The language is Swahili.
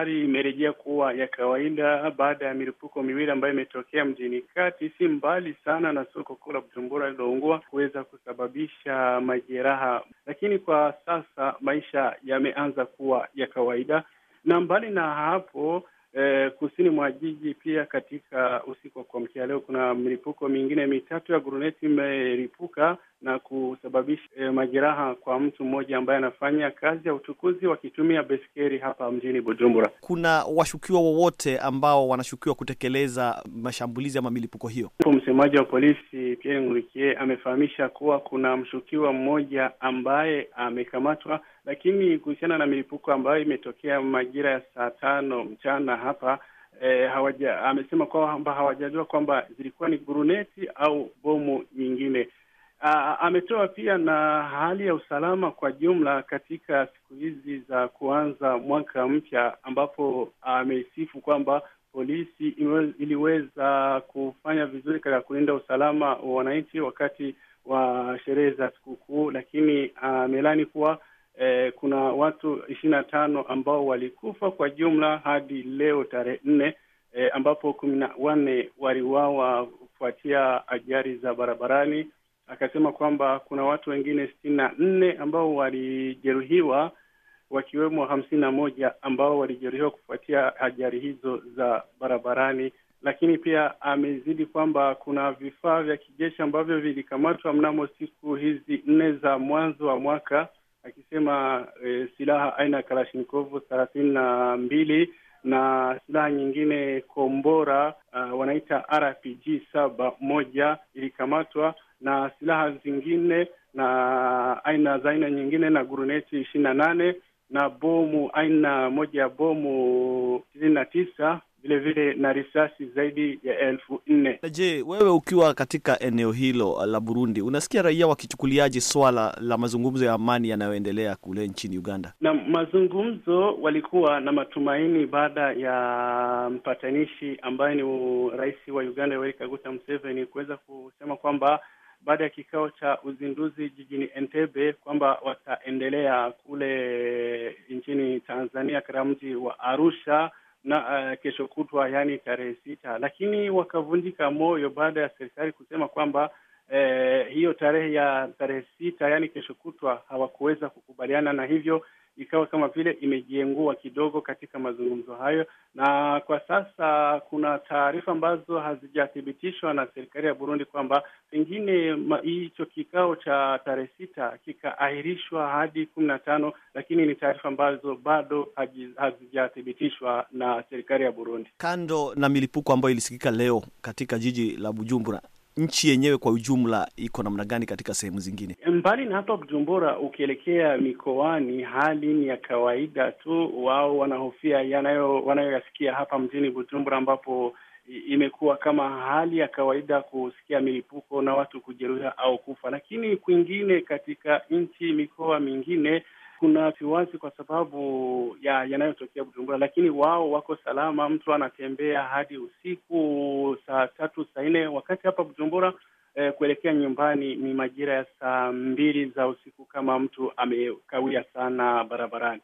hali imerejea kuwa ya kawaida baada ya milipuko miwili ambayo imetokea mjini kati, si mbali sana na soko kuu la Bujumbura lililoungua kuweza kusababisha majeraha, lakini kwa sasa maisha yameanza kuwa ya kawaida, na mbali na hapo E, kusini mwa jiji pia katika usiku wa kuamkia leo kuna milipuko mingine mitatu ya guruneti imeripuka na kusababisha e, majeraha kwa mtu mmoja ambaye anafanya kazi ya uchukuzi wakitumia beskeri hapa mjini Bujumbura. Kuna washukiwa wowote ambao wanashukiwa kutekeleza mashambulizi ama milipuko hiyo? Msemaji wa polisi Pierre Ngurikie amefahamisha kuwa kuna mshukiwa mmoja ambaye amekamatwa lakini kuhusiana na milipuko ambayo imetokea majira ya saa tano mchana hapa e, hawaja, amesema kwamba hawajajua kwamba zilikuwa ni guruneti au bomu nyingine. Ah, ametoa pia na hali ya usalama kwa jumla katika siku hizi za kuanza mwaka mpya, ambapo amesifu kwamba polisi iliweza kufanya vizuri katika kulinda usalama wa wananchi wakati wa sherehe za sikukuu, lakini amelani kuwa eh, kuna watu ishirini na tano ambao walikufa kwa jumla hadi leo tarehe nne eh, ambapo kumi na wanne waliwawa kufuatia ajali za barabarani. Akasema kwamba kuna watu wengine sitini na nne ambao walijeruhiwa wakiwemo hamsini na moja ambao walijeruhiwa kufuatia ajali hizo za barabarani. Lakini pia amezidi kwamba kuna vifaa vya kijeshi ambavyo vilikamatwa mnamo siku hizi nne za mwanzo wa mwaka akisema e, silaha aina ya kalashnikovu thelathini na mbili na silaha nyingine kombora uh, wanaita RPG saba moja ilikamatwa na silaha zingine na aina za aina nyingine na guruneti ishirini na nane na bomu aina moja ya bomu ishirini na tisa vilevile na risasi zaidi ya elfu nne. Je, wewe ukiwa katika eneo hilo uh, la Burundi unasikia raia wakichukuliaje swala la mazungumzo ya amani yanayoendelea kule nchini Uganda? Na mazungumzo walikuwa na matumaini baada ya mpatanishi ambaye ni rais wa Uganda Yoweri Kaguta Museveni kuweza kusema kwamba baada ya kikao cha uzinduzi jijini Entebbe kwamba wataendelea kule nchini Tanzania katika mji wa Arusha na uh, kesho kutwa, yani tarehe sita, lakini wakavunjika moyo baada ya serikali kusema kwamba eh, hiyo tarehe ya tarehe sita, yani kesho kutwa, hawakuweza kukubaliana na hivyo ikawa kama vile imejiengua kidogo katika mazungumzo hayo, na kwa sasa kuna taarifa ambazo hazijathibitishwa na serikali ya Burundi kwamba pengine hicho kikao cha tarehe sita kikaahirishwa hadi kumi na tano, lakini ni taarifa ambazo bado hazijathibitishwa na serikali ya Burundi. Kando na milipuko ambayo ilisikika leo katika jiji la Bujumbura, nchi yenyewe kwa ujumla iko namna gani katika sehemu zingine mbali na hapa Bujumbura? Ukielekea mikoani, hali ni ya kawaida tu. Wao wanahofia yanayo wanayoyasikia hapa mjini Bujumbura, ambapo imekuwa kama hali ya kawaida kusikia milipuko na watu kujeruhiwa au kufa, lakini kwingine katika nchi, mikoa mingine kuna wasiwasi kwa sababu ya yanayotokea Bujumbura, lakini wao wako salama. Mtu anatembea hadi usiku saa tatu saa nne wakati hapa Bujumbura eh, kuelekea nyumbani ni majira ya saa mbili za usiku, kama mtu amekawia sana barabarani.